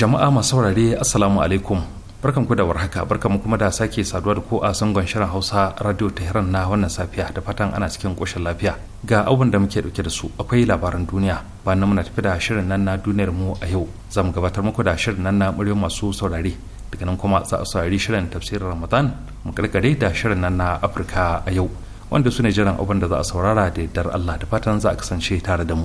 jama'a masu saurare assalamu alaikum barkan ku da warhaka barkan kuma da sake saduwa da ku a sangon shirin hausa radio tehran na wannan safiya da fatan ana cikin koshin lafiya ga abin da muke dauke da su akwai labaran duniya ba na muna tafi da shirin nan na duniyar mu a yau za mu gabatar muku da shirin nan na muryo masu saurare daga nan kuma za a saurari shirin tafsirin ramadan mu karkare da shirin nan na afirka a yau wanda su ne jiran abin da za a saurara da yardar allah da fatan za a kasance tare da mu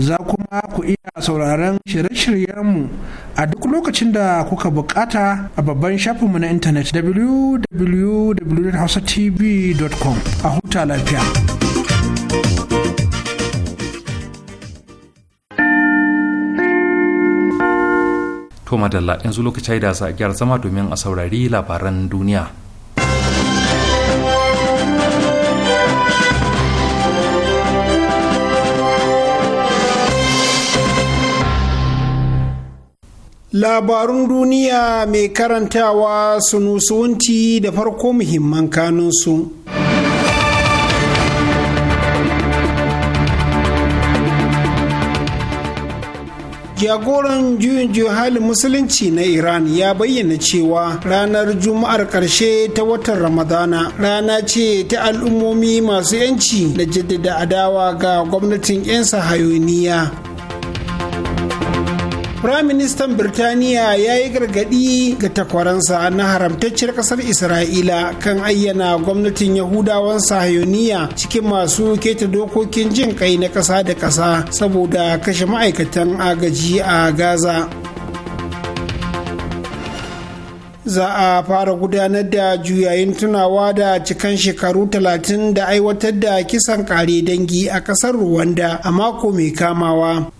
za kuma ku iya sauraron shirye-shiryenmu a duk lokacin da kuka bukata a babban shafinmu na intanet www.hausatv.com a huta lafiya. To madalla yanzu lokacin da za a gyara zama domin a saurari labaran duniya. Labarun duniya mai karantawa sunusuwanci da farko muhimman kanunsu. jagoran juyin halin musulunci na iran ya bayyana cewa ranar juma'ar karshe ta watan ramadana rana ce ta al'ummomi masu yanci da jaddada adawa ga gwamnatin 'yan sahayoniya firaministan birtaniya ya yi gargaɗi ga takwaransa na haramtacciyar ƙasar isra'ila kan ayyana gwamnatin yahudawan sahayoniya cikin masu keta dokokin jin kai na ƙasa da ƙasa saboda kashe ma'aikatan agaji a gaza za a fara gudanar da juyayin tunawa da cikan shekaru talatin da aiwatar da kisan kare dangi a kasar Rwanda a mako mai kamawa.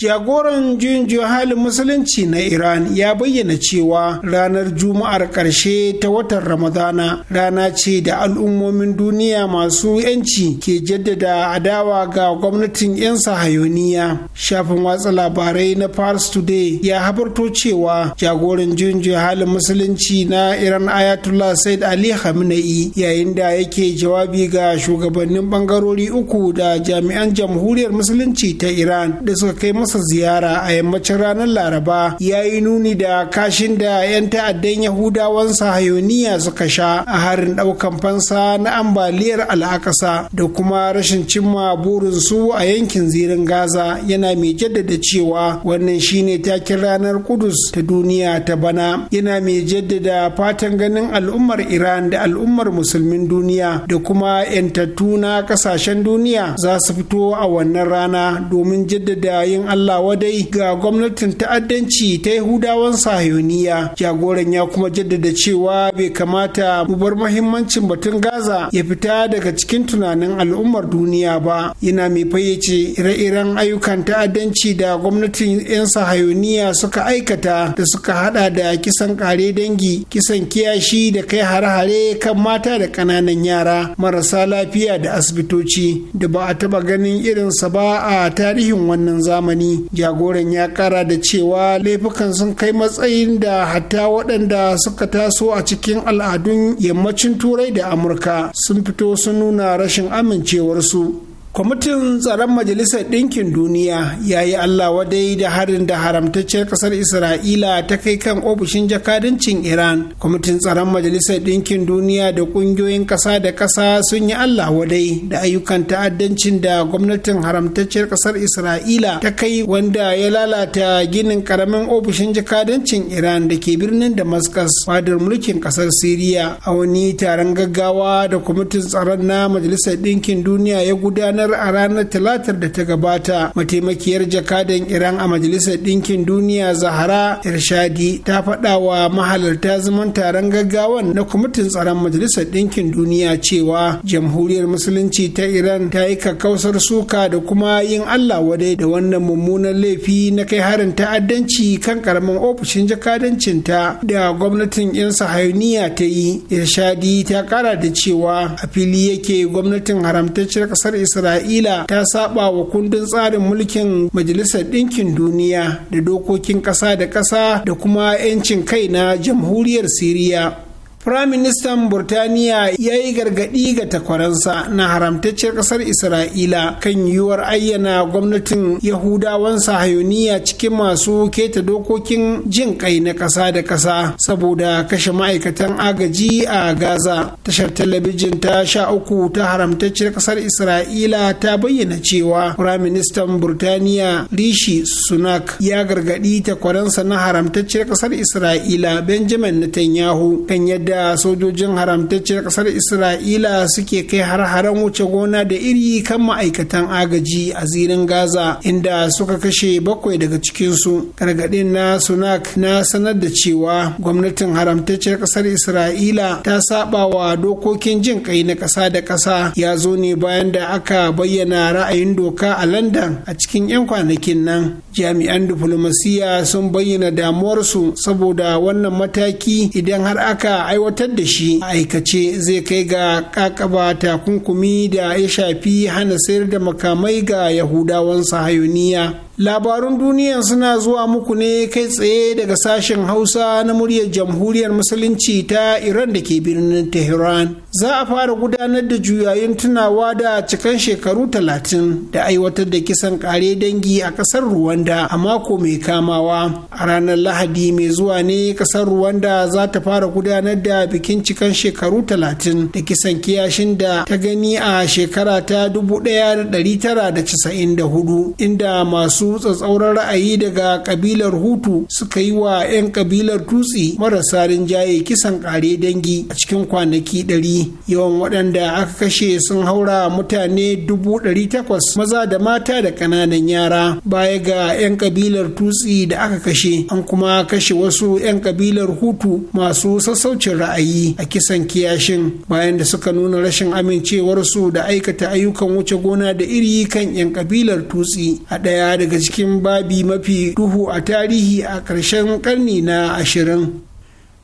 jagoran juyin halin musulunci na iran ya bayyana cewa ranar juma'ar karshe ta watan ramadana rana ce da al'ummomin duniya masu 'yanci ke jaddada adawa ga gwamnatin 'yan sahayoniya shafin watsa labarai na paris today ya habarto cewa jagoran juyin halin musulunci na iran ayatollah said ali khamenei yayin da yake jawabi ga shugabannin bangarori uku da jami'an jamhuriyar musulunci ta iran da suka kai masa ziyara a yammacin ranar laraba ya yi nuni da kashin da 'yan ta'addan yahudawan sahayoniya suka sha a harin ɗaukan fansa na ambaliyar al'akasa da kuma rashin cimma burinsu a yankin zirin gaza yana mai jaddada cewa wannan shine takin ranar kudus ta duniya ta bana yana mai jaddada fatan ganin al'ummar iran da al'ummar musulmin duniya da kuma 'yantattu na ƙasashen duniya za su fito a wannan rana domin jaddada yin Allah wadai ga gwamnatin ta'addanci ta Yahudawan Sahiyoniya jagoran ya kuma jaddada cewa bai kamata mu bar muhimmancin batun Gaza ya fita daga cikin tunanin al'ummar duniya ba yana mai fayyace ire-iren ayyukan ta'addanci da gwamnatin 'yan Sahiyoniya suka aikata da suka hada da kisan kare dangi kisan kiyashi da kai hare-hare kan mata da ƙananan yara marasa lafiya da asibitoci da ba a taba ganin irinsa ba a tarihin wannan zamani jagoran ya kara da cewa laifukan sun kai matsayin da hatta waɗanda suka taso a cikin al'adun yammacin turai da amurka sun fito sun nuna rashin amincewarsu kwamitin tsaron majalisar ɗinkin duniya ya yi allah wadai da harin da haramtacciyar ƙasar isra'ila ta kai kan ofishin jakadancin iran kwamitin tsaron majalisar ɗinkin duniya da ƙungiyoyin ƙasa da ƙasa sun yi allah wadai da ayyukan ta'addancin da gwamnatin haramtacciyar ƙasar isra'ila ta kai wanda ya lalata ginin ƙaramin ofishin jakadancin iran da ke birnin damascus fadar mulkin ƙasar siriya a wani taron gaggawa da kwamitin tsaron na majalisar ɗinkin duniya ya gudanar ranar a ranar talatar da ta gabata mataimakiyar jakadan iran a majalisar ɗinkin duniya zahara irshadi ta faɗa wa mahalarta zaman taron gaggawan na kwamitin tsaron majalisar ɗinkin duniya cewa jamhuriyar musulunci ta iran ta yi kakkausar suka da kuma yin allah wadai da wannan mummunan laifi na kai harin ta'addanci kan karamin ofishin jakadancinta da gwamnatin 'yan sahayuniya ta yi irshadi ta kara da cewa a fili yake gwamnatin haramtacciyar kasar isra'ila isra'ila ta saba wa kundin tsarin mulkin majalisar ɗinkin duniya da dokokin ƙasa da ƙasa da kuma 'yancin kai na jamhuriyar siriya Firaministan Burtaniya ya yi gargaɗi ga takwaransa na haramtacciyar ƙasar Isra'ila kan yiwuwar ayyana gwamnatin Yahudawan sahayoniya cikin masu keta dokokin jin ƙai na ƙasa da ƙasa saboda kashe ma'aikatan agaji a Gaza. Tashar talabijin ta sha uku ta haramtacciyar ƙasar Isra'ila ta bayyana cewa Firaministan Burtaniya Rishi Sunak ya gargaɗi takwaransa na haramtacciyar ƙasar Isra'ila Benjamin Netanyahu kan yadda da sojojin haramtaccen kasar isra'ila suke kai har-haren wuce gona da iri kan ma'aikatan agaji a zirin gaza inda suka kashe bakwai daga cikinsu gargaɗin na sunak na sanar da cewa gwamnatin haramtaccen kasar isra'ila ta saba wa dokokin jin kai na ƙasa da ƙasa ya zo ne bayan da aka bayyana ra'ayin doka a london a cikin 'yan kwanakin nan jami'an diflomasiya sun bayyana damuwarsu saboda wannan mataki idan har aka aiwatar da shi a aikace zai kai ga kakaba takunkumi da ya shafi hana sayar da makamai ga yahudawan sahayuniya labarun duniya suna zuwa muku ne kai tsaye daga sashen hausa na muryar jamhuriyar musulunci ta iran da ke birnin tehran za a fara gudanar da juyayin tunawa da cikan shekaru talatin da aiwatar da kisan kare dangi a kasar ruwanda a mako mai kamawa a ranar lahadi mai zuwa ne kasar ruwanda za ta fara gudanar da bikin cikan shekaru talatin da kisan kiyashin da ta gani a shekara ta 1994 inda masu masu tsatsauran ra'ayi daga kabilar hutu suka yi wa 'yan kabilar tutsi marasa rinjaye kisan kare dangi a cikin kwanaki 100 yawan waɗanda aka kashe sun haura mutane 800 maza da mata da ƙananan yara baya ga 'yan kabilar tutsi da aka kashe an kuma kashe wasu 'yan kabilar hutu masu sassaucin ra'ayi a kisan kiyashin bayan da suka nuna rashin amincewarsu da aikata ayyukan wuce gona da iri kan 'yan kabilar tutsi a ɗaya daga daga cikin babi mafi duhu a tarihi a ƙarshen ƙarni na ashirin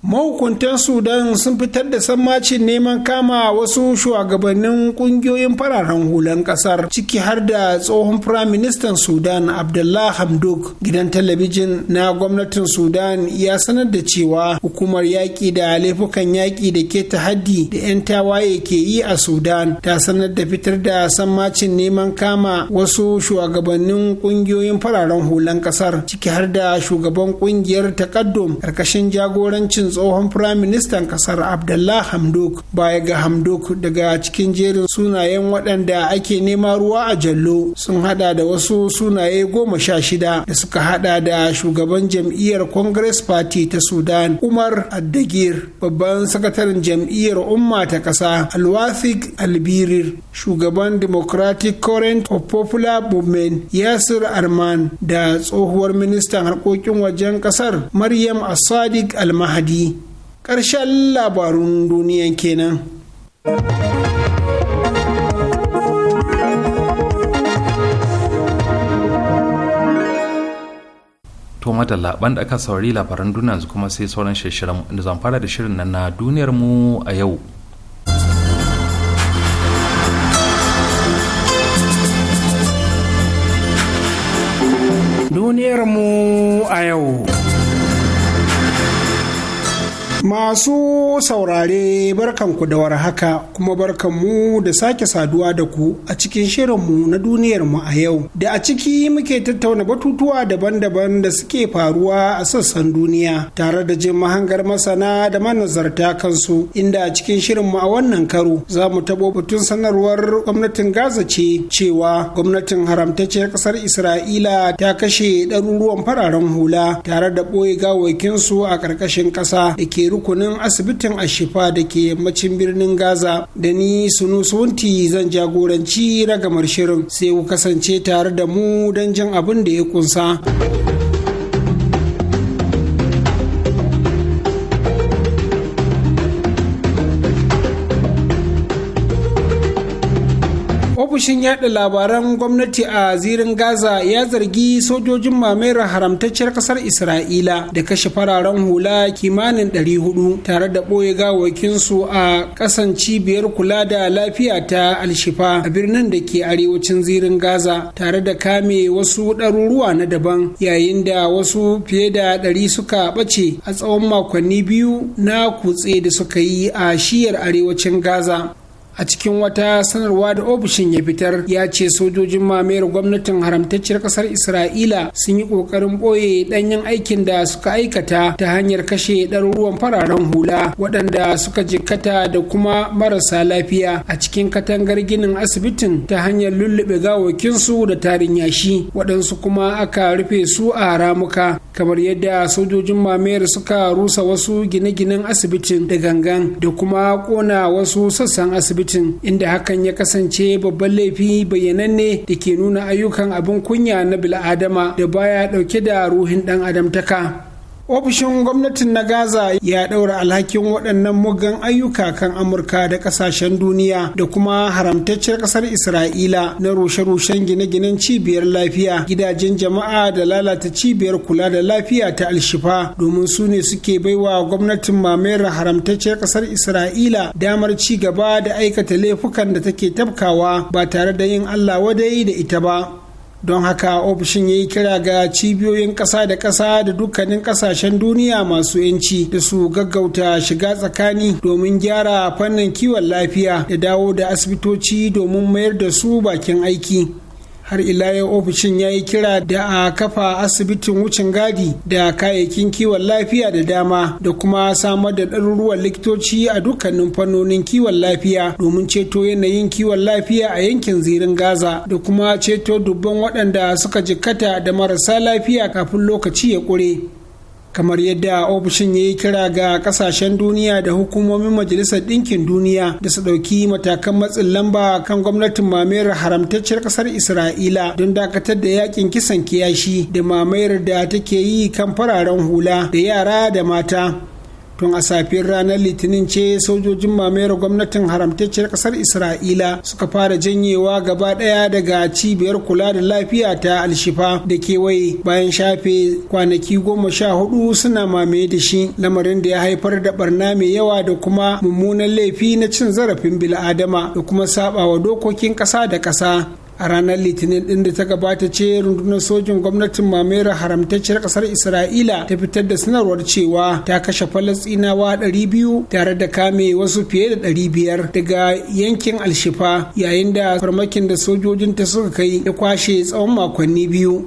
mahukuntan sudan sun fitar da sammacin neman kama wasu shugabannin kungiyoyin fararen hulan kasar ciki har da tsohon firaministan sudan abdullah hamdok gidan talabijin na gwamnatin sudan ya sanar da cewa hukumar yaƙi da laifukan yaƙi da ke haddi da 'yan tawaye ke yi a sudan ta sanar da fitar da sammacin neman kama wasu shugabannin kungiyoyin fararen hulan kasar ciki har da shugaban kungiyar takaddum ƙarƙashin jagorancin shugabancin tsohon firaministan kasar abdullah hamduk baya ga hamduk daga cikin jerin sunayen waɗanda ake nema ruwa a jallo sun hada da wasu sunaye goma sha shida da suka hada da shugaban jam'iyyar congress party ta sudan umar addagir babban sakataren jam'iyyar umma ta ƙasa alwafik albirir shugaban democratic current of popular movement yasir arman da tsohuwar ministan harkokin wajen ƙasar maryam asadik almahadi zafi ƙarshen labarun duniya kenan. to madalla da aka saurari labaran duniya yanzu kuma sai sauran shirin da zan fara da shirin nan na duniyar mu a yau duniyar mu a yau Masu saurare barkanku da warhaka kuma barkanmu da sake saduwa da ku a cikin shirinmu na duniyarmu a yau da a ciki muke tattauna batutuwa daban-daban da suke faruwa a sassan duniya tare da jin mahangar masana da manazarta kansu inda a cikin shirinmu a wannan karo za mu tabo batun sanarwar gwamnatin Gaza ce cewa gwamnatin haramtacciyar ƙasar Isra'ila ta kashe ɗaruruwan fararen hula tare da ɓoye gawakinsu a ƙarƙashin ƙasa da ke rukunin asibitin ashifa da ke yammacin birnin gaza da ni sunu sunti zan jagoranci ragamar shirin sai ku kasance tare da mu don jin abin da ya kunsa. ofishin yaɗa labaran gwamnati a zirin gaza ya zargi sojojin mamera haramtacciyar kasar isra'ila da kashe fararen hula kimanin 400 tare da ɓoye gawakinsu a ƙasan cibiyar kula da lafiya ta alshifa a birnin da ke arewacin zirin gaza tare da kame wasu ɗaruruwa na daban yayin da wasu fiye da ɗari suka ɓace a tsawon makonni biyu na kutse da suka yi a shiyar arewacin gaza a cikin wata sanarwa da ofishin ya fitar ya ce sojojin mamayar gwamnatin haramtacciyar kasar isra'ila sun yi kokarin boye danyen aikin da suka aikata ta hanyar kashe ɗaruruwan fararen hula waɗanda suka jikkata da kuma marasa lafiya a cikin katangar ginin asibitin ta hanyar lullube gawakinsu da tarin yashi waɗansu kuma aka rufe su a ramuka kamar yadda sojojin mamayar suka rusa wasu gine-ginen asibitin da gangan da kuma kona wasu sassan asibitin inda hakan ya kasance babban laifi bayyananne da ke nuna ayyukan abin kunya na bil'adama da baya dauke da ruhin dan adamtaka ofishin gwamnatin na gaza ya ɗaura alhakin waɗannan mugan ayyuka kan amurka da ƙasashen duniya da kuma haramtacciyar ƙasar isra'ila na rushe-rushen gine-ginen cibiyar lafiya gidajen jama'a da lalata cibiyar kula da lafiya ta alshifa domin su ne suke baiwa gwamnatin mamayar haramtacciyar ƙasar isra'ila damar ci gaba da aikata laifukan da take tafkawa ba tare da yin allah wadai da ita ba don haka ofishin ya yi kira ga cibiyoyin ƙasa da ƙasa da dukkanin ƙasashen duniya masu 'yanci da su gaggauta shiga tsakani domin gyara fannin kiwon lafiya da dawo da asibitoci domin mayar da su bakin aiki har ila yau ofishin ya yi kira da a kafa asibitin wucin gadi da kayayyakin kiwon lafiya da dama da kuma samar da ɗaruruwan likitoci a dukkanin fannonin kiwon lafiya domin ceto yanayin kiwon lafiya a yankin zirin gaza da kuma ceto dubban waɗanda suka jikkata da marasa lafiya kafin lokaci ya ƙure kamar yadda ofishin ya yi kira ga kasashen duniya da hukumomin majalisar ɗinkin duniya da su ɗauki matakan matsin lamba kan gwamnatin mamayar haramtacciyar ƙasar isra'ila don dakatar da yakin kisan kiyashi da mamayar da take yi kan fararen hula da yara da mata tun a safiyar ranar litinin ce sojojin mamayar gwamnatin haramtacciyar kasar isra'ila suka fara janyewa gaba daya daga cibiyar kula da lafiya ta alshifa da kewaye bayan shafe kwanaki goma sha hudu suna mamaye da shi lamarin da ya haifar da barna mai yawa da kuma mummunan laifi na cin zarafin bil'adama da kuma sabawa dokokin kasa da kasa a ranar litinin din da ta gabata ce rundunar sojin gwamnatin mamera haramtacciyar kasar isra'ila ta fitar da sanarwar cewa ta kashe falastinawa 200 tare da kame wasu fiye da 500 daga yankin alshifa yayin da farmakin da sojojin ta suka kai ya kwashe tsawon makonni biyu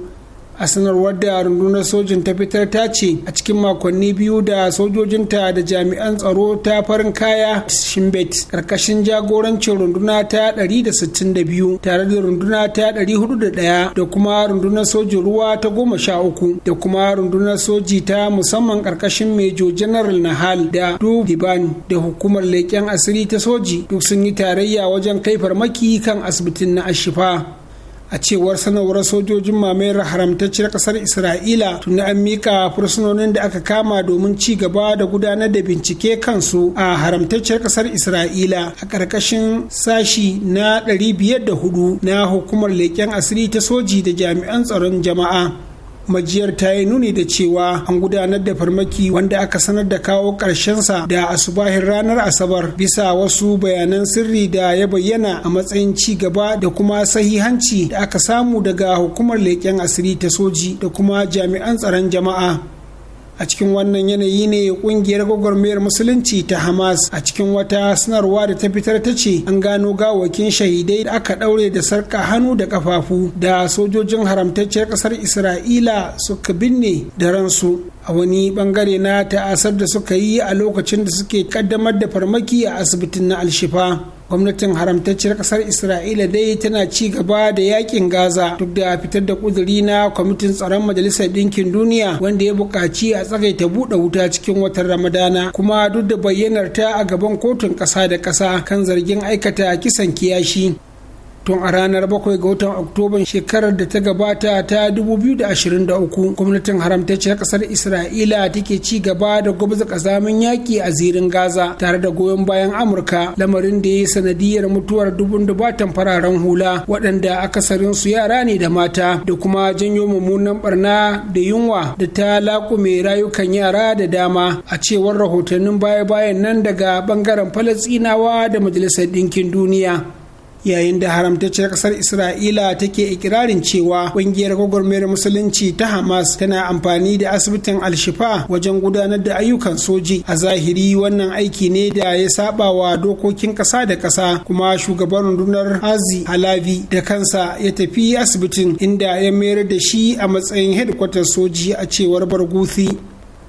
a sanarwar da rundunar sojin ta fitar ta ce a cikin makonni biyu da sojojinta da jami'an tsaro ta farin kaya shimbet karkashin jagorancin runduna ta 162 tare da runduna ta 401 da kuma rundunar sojin ruwa ta goma sha uku, da kuma rundunar soji ta musamman karkashin mejo general nahal da Dubu-Diban da hukumar leƙen asiri ta soji duk sun yi tarayya wajen kai farmaki kan asibitin na ashifa a cewar sanarwar sojojin mamayar haramtacciyar kasar isra'ila tuni an mika fursunonin da aka kama domin ci gaba da gudanar da bincike kansu a haramtacciyar kasar isra'ila a ƙarƙashin sashi na 504 na hukumar leƙen asiri ta soji da jami'an tsaron jama'a majiyar ta yi nuni da cewa an gudanar da farmaki wanda aka sanar da kawo sa da asubahin ranar asabar bisa wasu bayanan sirri da ya bayyana a matsayin ci gaba da kuma sahihanci da aka samu daga hukumar leƙen asiri ta soji da kuma jami'an tsaron jama'a a cikin wannan yanayi ne kungiyar gwagwarmayar musulunci ta hamas a cikin wata sanarwa da ta fitar ta ce an gano gawakin shahidai da aka daure da sarka hannu da kafafu da sojojin haramtacciyar kasar isra'ila suka binne da ransu a wani bangare na ta'asar da suka yi a lokacin da suke kaddamar da farmaki a asibitin na alshifa gwamnatin haramtacciyar kasar isra'ila dai tana ci gaba da yakin gaza duk da fitar da kuduri na kwamitin tsaron majalisar ɗinkin duniya wanda ya buƙaci a tsagaita buɗe wuta cikin watan ramadana kuma duk da bayyanar ta a gaban kotun ƙasa da ƙasa kan zargin aikata kisan kiyashi tun a ranar 7 ga watan oktoban shekarar da ta gabata ta 2023 gwamnatin haramtacciyar kasar isra'ila take ci gaba da gwabza kazamin yaƙi a zirin gaza tare da goyon bayan amurka lamarin da ya yi sanadiyar mutuwar dubun dubatan fararen hula waɗanda akasarin su yara ne da mata da kuma janyo mummunan barna da yunwa da ta laƙume rayukan yara da dama a cewar rahotannin baya-bayan nan daga bangaren falasinawa da majalisar ɗinkin duniya yayin da haramtacciyar kasar isra'ila take ikirarin cewa kungiyar gwagwarmayar musulunci ta hamas tana amfani da asibitin alshifa wajen gudanar da ayyukan soji a zahiri wannan aiki ne da ya saba wa dokokin kasa da kasa kuma shugaban rundunar hazi halavi da kansa ya tafi asibitin inda ya mayar da shi a matsayin hedkwatar soji a cewar barguthi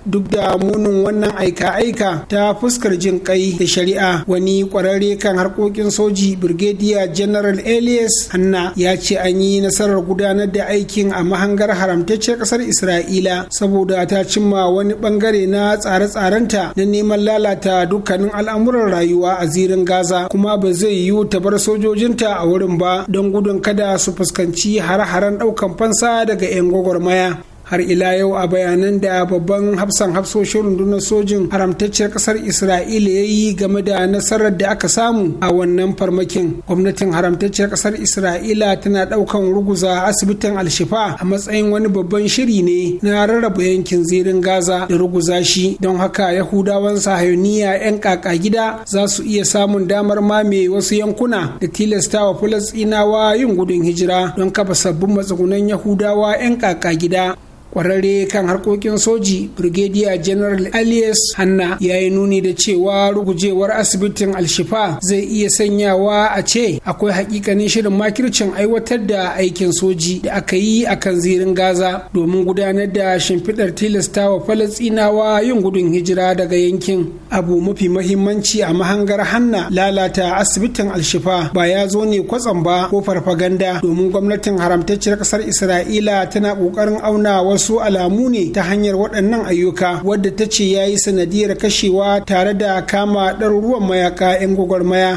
duk da munin wannan aika-aika ta fuskar jin kai da shari'a wani kwararre kan harkokin soji Birgediya general elias hanna ya ce an yi nasarar gudanar da aikin a mahangar haramtacciyar kasar isra'ila saboda ta cimma wani bangare na tsare-tsarenta na neman lalata dukkanin al'amuran rayuwa a zirin gaza kuma ba zai yiwu ta bar sojojinta a wurin ba don gudun kada su fuskanci har haren ɗaukan fansa daga 'yan gwagwarmaya har ila yau a bayanan da babban hafsan hafsoshin rundunar sojin haramtacciyar kasar isra'ila ya yi game da nasarar da aka samu a wannan farmakin gwamnatin haramtacciyar kasar isra'ila tana daukan ruguza asibitin alshifa a matsayin wani babban shiri ne na rarraba yankin zirin gaza da ruguza shi don haka yahudawan sahayoniya 'yan kaka gida za su iya samun damar mame wasu yankuna da tilastawa falasɗinawa yin gudun hijira don kafa sabbin matsugunan yahudawa 'yan kaka gida kwararre kan harkokin soji brigadier general alias hanna ya yi nuni da cewa rugujewar asibitin alshifa zai iya sanyawa a ce akwai hakikanin shirin makircin aiwatar da aikin soji da aka yi a kan zirin gaza domin gudanar da shimfiɗar tilastawa falastinawa yin gudun hijira daga yankin abu mafi mahimmanci a mahangar hanna lalata asibitin alshifa ba ya zo ne kwatsam ba ko farfaganda domin gwamnatin haramtacciyar ƙasar isra'ila tana kokarin auna wasu wasu alamu ne ta hanyar waɗannan ayyuka wadda ta ce ya yi sanadiyar kashewa tare da kama ɗaruruwan mayaka 'yan gwagwarmaya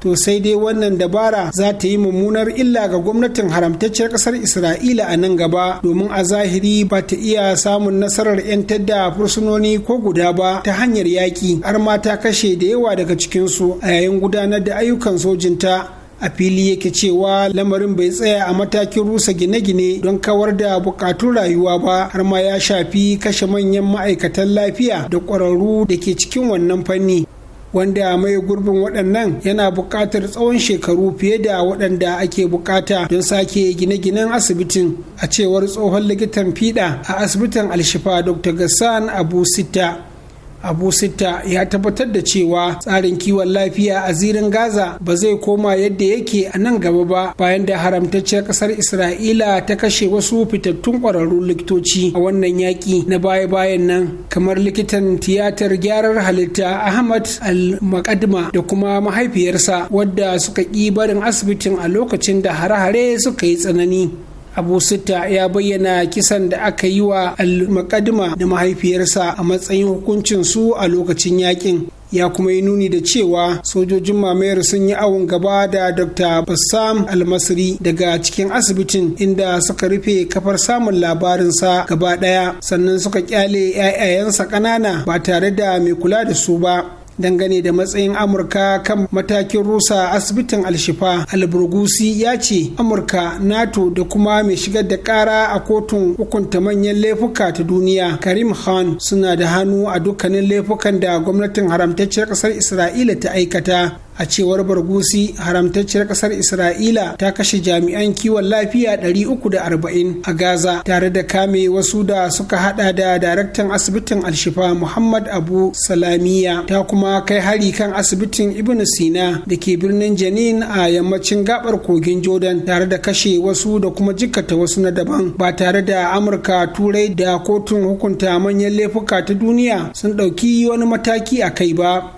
to sai dai wannan dabara za ta yi mummunar illa ga gwamnatin haramtacciyar ƙasar isra'ila a nan gaba domin a zahiri ba ta iya samun nasarar 'yan tadda fursunoni ko guda ba ta hanyar yaƙi har ma ta kashe da yawa daga cikinsu a yayin gudanar da ayyukan sojinta a fili yake cewa lamarin bai tsaya a matakin rusa gine-gine don kawar da bukatun rayuwa ba har ma ya shafi kashe manyan ma'aikatan lafiya da ƙwararru da ke cikin wannan fanni wanda mai gurbin waɗannan yana buƙatar tsawon shekaru fiye da waɗanda ake buƙata don sake gine-ginen asibitin a cewar tsohon likitan fiɗa a asibitin alshifa dr gassan abu sita abu sitta ya tabbatar da cewa tsarin kiwon lafiya a zirin gaza ba zai koma yadda yake a nan gaba ba bayan da haramtacciyar kasar isra'ila ta kashe wasu fitattun kwararrun likitoci a wannan yaki na baya-bayan nan kamar likitan tiyatar gyarar halitta ahmad al-makadma da kuma mahaifiyarsa wadda suka ƙi barin asibitin a lokacin da hare-hare suka yi tsanani abu sita ya bayyana kisan da aka yi wa al-makadima da mahaifiyarsa a matsayin hukuncin su a lokacin yakin ya kuma yi nuni da cewa sojojin mamayar sun yi awon gaba da dr bassam almasri daga cikin asibitin inda suka rufe kafar samun labarinsa gaba daya sannan suka kyale 'yayayansa ƙanana ba tare da mai kula da su ba dangane da matsayin amurka kan matakin rusa asibitin alshifa alburgusi ya ce amurka nato da kuma mai shigar da kara a kotun hukunta manyan laifuka ta duniya karim khan suna da hannu a dukkanin laifukan da gwamnatin haramtacciyar ƙasar isra'ila ta aikata a cewar bargusi haramtacciyar kasar isra'ila ta kashe jami'an kiwon lafiya 340 a gaza tare da kame wasu da suka hada da daraktan asibitin alshifa muhammad abu salamiya ta kuma kai hari kan asibitin ibn sina da ke birnin janin a yammacin gabar kogin jordan tare da kashe wasu da kuma jikkata wasu na daban ba tare da amurka turai da kotun hukunta manyan laifuka ta duniya sun ɗauki wani mataki a kai ba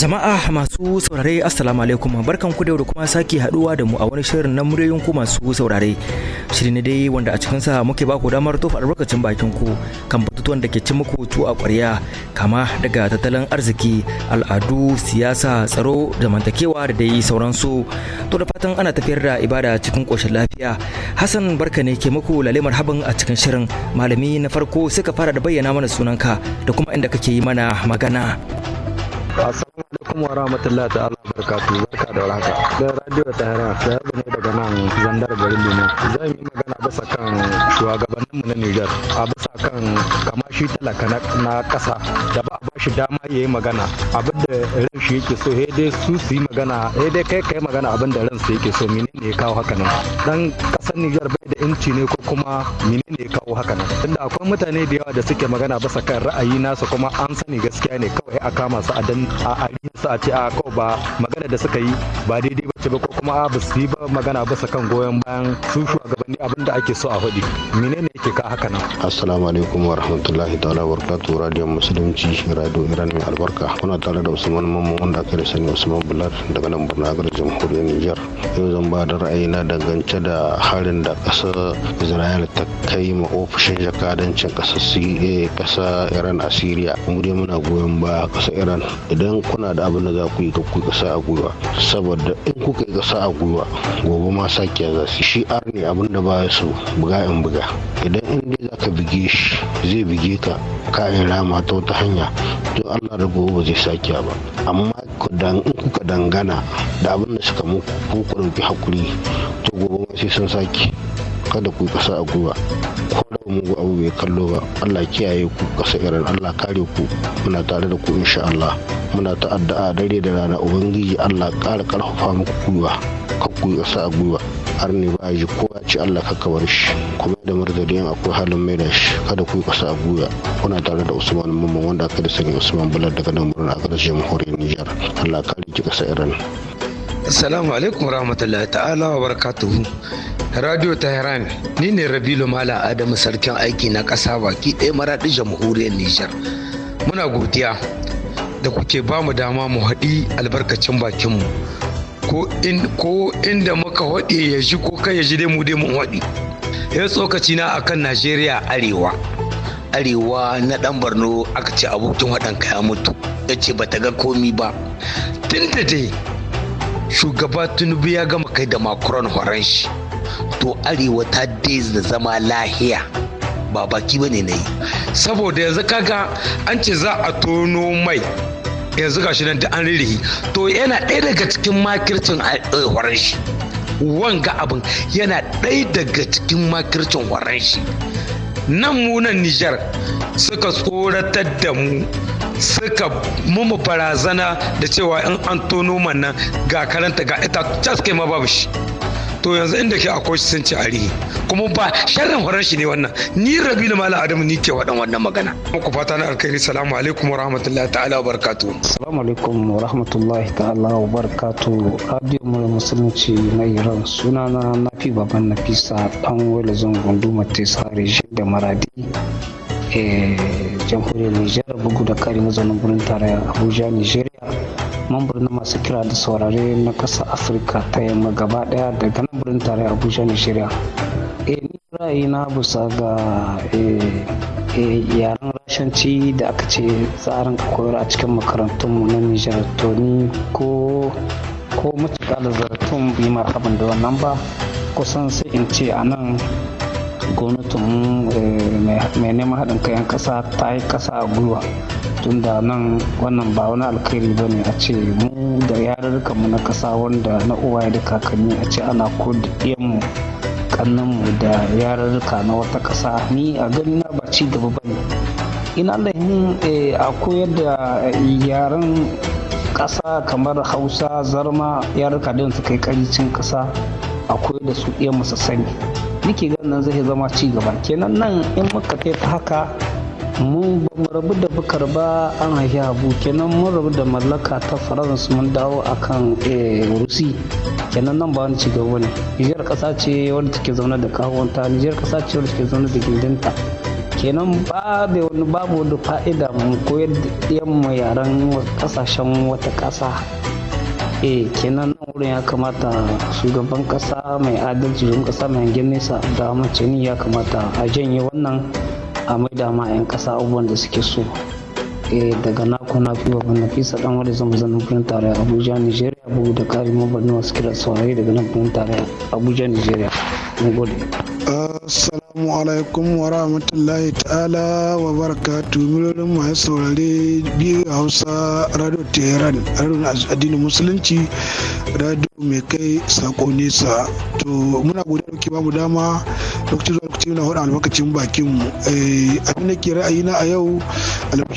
Jama'a masu saurare Assalamu alaikum barkan ku da da kuma sake haduwa da mu a wani shirin na muryoyin ku masu saurare. shirin ne dai wanda a cikin sa muke baku damar tofa albarkacin bakin ku kan batutuwan da ke ci muku tu a ƙwarya kama daga tattalin arziki, al'adu, siyasa, tsaro, da mantakewa da dai sauransu. To da fatan ana tafiyar da ibada cikin koshin lafiya. Hassan barka ne ke muku lalle marhaban a cikin shirin malami na farko suka fara da bayyana mana sunanka da kuma inda kake yi mana magana. alaikum wa rahmatullahi barka da warhaka da radio tahara da yabo ne daga nan zandar garin Lima zai yi magana bisa kan shugabannin mu na Niger a bisa kan shi talaka na kasa da ba a ba shi dama yayi magana abin da ran shi yake so he dai su su yi magana he dai kai kai magana abin da ran su yake so menene ya kawo haka nan dan kasar Niger da inci ne ko kuma menene ya kawo haka nan tunda akwai mutane da yawa da suke magana basa kan ra'ayi nasu kuma an sani gaskiya ne kawai a kama su a dan a su a ce a kawai ba magana da suka yi ba daidai ba ce ba ko kuma a ba su yi ba magana basa kan goyon bayan su shugabanni abin da ake so a faɗi menene yake ka haka nan assalamu alaikum wa rahmatullahi ta'ala wa barakatuhu radio musulunci radio iran mai albarka kuna tare da usman mamman wanda aka da sani usman bular daga nan birnin agar jamhuriyar niger yau zan ba da na dangance da harin da ƙasa kasa isra'ila ta kai ma ofishin jakadancin ƙasar ƙasa iran a syria mu dai muna goyon baya ƙasar iran idan kuna da abin da za ku yi ka ku ƙasa a gwiwa saboda in kuka yi ƙasa a gwiwa gobe ma sake za su shi ar ne abin da ba su buga in buga idan in dai za ka bige shi zai bige ka kayan rama ta wata hanya to allah da gobe ba zai sake ba amma in kuka dangana da abin da suka muku ko ku ɗauki hakuri to gobe ma sai sun sake kada ku kasa a gwiwa ko da mugu abu bai kallo ba Allah kiyaye ku kasa irin Allah kare ku muna tare da ku insha Allah muna ta'addaa dare da rana ubangiji Allah ƙara karfafa muku gwiwa ka ku kasa a gwiwa har ne ba ji ko ci Allah ka kawar shi kuma da marzaliyan akwai halin mai da shi kada ku kasa a gwiwa kuna tare da Usman Mamman wanda aka da sani Usman Bulat daga nan murna aka da jamhuriyar Nijar Allah kare ki kasa irin Assalamu alaikum rahmatullahi ta'ala wa barakatuhu. Radio Tehran ni ne Rabilu Mala Adamu sarkin aiki na ƙasa baki ɗaya maraɗi jamhuriyar Nijar. Muna godiya da kuke ba mu dama mu haɗi albarkacin bakinmu. Ko ko inda muka haɗe ya ji ko kai ya ji dai mu dai mu haɗi. Ya tsokaci na akan Najeriya Arewa. Arewa na ɗan Borno aka ce abokin waɗanka ya mutu. Ya ce ba ta ga komi ba. Tun da dai shugaba tinubu ya gama kai da makron horon shi to arewa ta da zama lahiya ba baki ba ne na yi saboda yanzu kaga an ce za a tono mai yanzu gashi nan da an rirhi to yana ɗaya daga cikin makircin eh, horon shi wanga abin yana ɗaya daga cikin makircin horon shi nan mu nan nijar suka tsoratar da mu suka mumu barazana da cewa in an tono nan ga karanta ga ita caske ma babu shi to yanzu inda ke akwai shi sun ci arihi kuma ba sharrin horon shi ne wannan ni rabi da malam adamu ni ke waɗan wannan magana muku fata na alkhairi salamu alaikum wa rahmatullahi ta'ala wa barakatu salamu alaikum wa rahmatullahi ta'ala wa barakatu radio mu musulunci na iran suna na nafi baban nafisa dan wala zangon duma tesare da maradi jamhuriyar nijar bugu da kari mazaunin birnin tarayya abuja nigeria mambar na masu kira da saurare na ƙasa afirka ta yamma gaba daya daga nan birnin tarayya abuja nigeria e ni ra'ayi na bisa ga eh, eh, yaren rashanci da aka ce tsarin koyar a cikin makarantunmu na nijar to ni ko ko matuƙa da zartun bi ma da wannan ba kusan sai in ce a nan gwamnatin eh, mai neman haɗin kayan ƙasa ta yi ƙasa a gwiwa tun da nan wannan ba wani alkhairi ba ne a ce mu da yarurrukanmu na ƙasa wanda na uwaye da kakanni a ce ana ko da mu kannanmu da yarurruka na wata ƙasa ni a gani na ba ci gaba ba ne ina da a koyar da yaren ƙasa kamar hausa zarma yarurruka don su kai ƙaricin ƙasa a da su iya masa sani nike ganin zai zama ci gaba kenan nan in muka kai ta haka mun mu rabu da bukar ba an haifi abu kenan mun rabu da mallaka ta faransa mun dawo akan eh, rusi kenan nan ba wani gaba ne nijar kasa ce wanda take zaune da kawonta nijar kasa ce wanda take zaune da gindinta kenan da wani babu wani fa'ida mu koyar da yamma yaran kasashen wata kasa eh kenan wurin ya kamata shugaban kasa mai adalci don kasa mai hangen nesa da macini ya kamata a janye wannan a maida ma 'yan kasa abubuwan da suke so eh, daga naku na fi wa nafisa dan wani zama zan kudin tarayya abuja nigeria bugu da kari mabarni wasu kira saurari daga nan kudin tarayya abuja nigeria Assalamu alaikum wa rahmatullahi ta'ala wa baraka miliyoyin masu saurare biyu Hausa Radio Tehran na addinin Musulunci Radio mai kai sako nesa. To muna godiya ba mu dama lokacin zuwa lokacin na hudu albarkacin bakin mu. Eh, abin da ke na a yau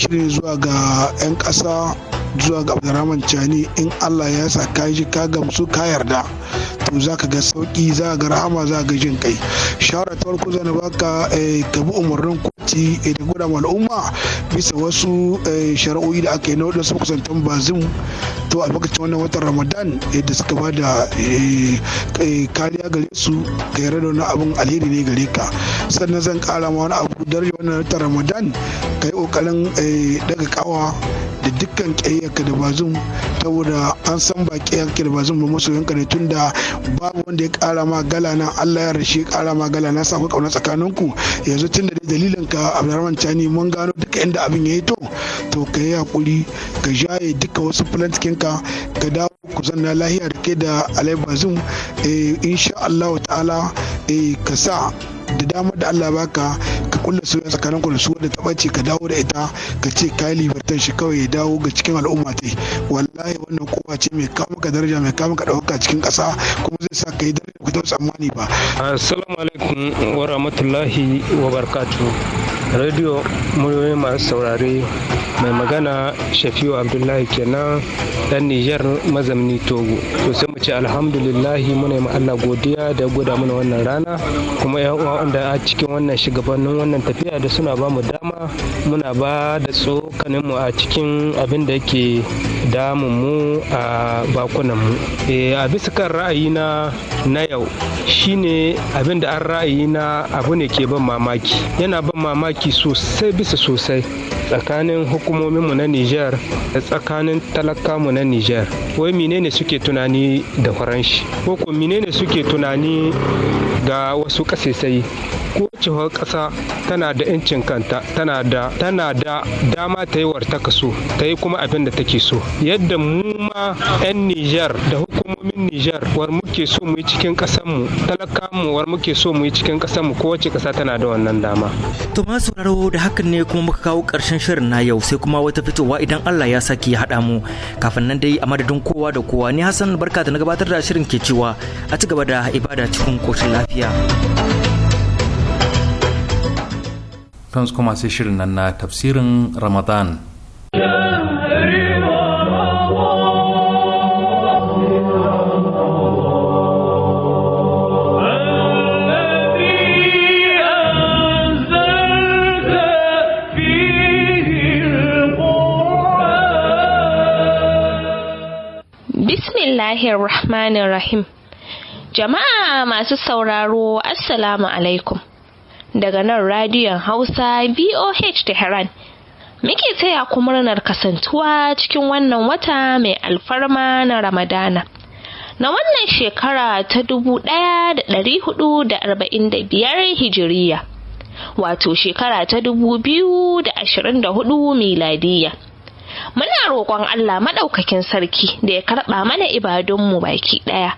ne zuwa ga 'yan ƙasa zuwa ga abdurrahman cani in allah ya sa ka ka gamsu ka yarda to za ka ga sauki za ga rahama za ga jin kai shawara ta farko zan baka eh, ka bi umarnin kwanci eh, da gudan al'umma bisa wasu eh, shari'o'i da aka yi na wadansu kusantan bazin to lokacin wannan watan ramadan da suka ba da kariya gare su ka yarda da wani abin alheri ne gare ka sannan zan kara ma wani abu darajar wannan watan ramadan ka yi kokarin daga kawa da dukkan ƙiyayyarka da bazum saboda an san ba ƙiyayyarka da bazum ba masoyanka tun da babu wanda ya ƙara ma gala nan Allah ya rashe ya ƙara ma gala na samu ƙauna tsakaninku yanzu tun da dalilin ka Abdulrahman Chani mun gano duka inda abin ya yi to to ka yi hakuri ka jaye duka wasu filantikin ka ka dawo ku zanna lahiya da kai da Alai Bazin eh, insha Allah ta'ala eh, ka sa da damar da Allah baka kulla soyayya tsakanin ku da su wanda ta ɓace ka dawo da ita ka ce ka yi libertan shi kawai ya dawo ga cikin al'umma ta wallahi wannan kowa ce mai kama ka daraja mai kama ka ɗauka cikin kasa kuma zai sa ka yi daraja ku tsammani ba. assalamu alaikum wa rahmatullahi wa barkatu. radio muryoyin masu saurare mai magana shafiu abdullahi kenan dan niger mazamni togo to sai mu ce alhamdulillahi muna ma allah godiya da gwada mana wannan rana kuma yan uwa wanda a cikin wannan shugabannin wannan tafiya da suna ba mu dama muna ba da tsokanin mu a cikin abin da yake damun mu a bakunan mu eh, a bisa kan ra'ayi na na yau shine abin da an ra'ayi na abu ne ke ban mamaki yana ban mamaki sosai bisa sosai tsakanin hukumomin mu na Nijar da tsakanin talaka mu na Nijar wai menene suke tunani da faranshi ko ko menene suke tunani ga wasu kasaisai ko cewa ƙasa tana da 'yancin kanta tana da tana da dama ta yi warta so ta yi kuma abin da take so yadda mu ma 'yan Nijar da hukumomin Nijar war muke so mu yi cikin mu talakamu war muke so mu yi cikin mu kowace ƙasa tana da wannan dama. To ma sauraro da hakan ne kuma muka kawo ƙarshen shirin na yau sai kuma wata fitowa idan Allah ya saki ya haɗa mu kafin nan dai a madadin kowa da kowa ni Hassan barka da na gabatar da shirin ke cewa a ci gaba da ibada cikin ƙoshin lafiya. kan kuma sai shirin nan na tafsirin ramadan Bismillahir Rahmanir Rahim. Jama'a masu sauraro, Assalamu alaikum. daga nan radiyon Hausa VOH Tehran. Muke taya ku murnar kasantuwa cikin wannan wata mai alfarma na Ramadana. Na wannan shekara ta dubu ɗaya da da da hudu da biyar Hijiriya, wato shekara ta dubu biyu da ashirin da hudu miladiyya. Muna roƙon Allah maɗaukakin sarki da ya karɓa mana ibadunmu baki ɗaya.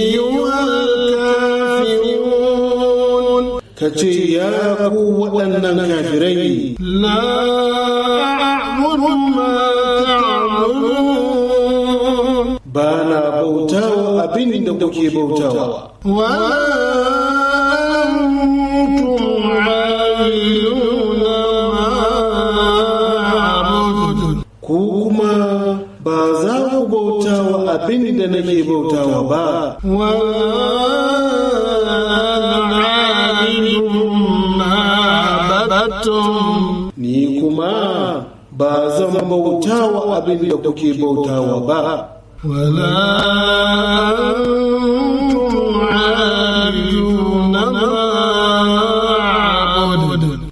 ka ce ya ku waɗannan kafirai la a'budu ma ba na bautawa abin da kuke bautawa wa ku kuma ba za ku bautawa abin da nake bautawa ba ni kuma ba zan bauta wa abin da kuke bautawa ba wala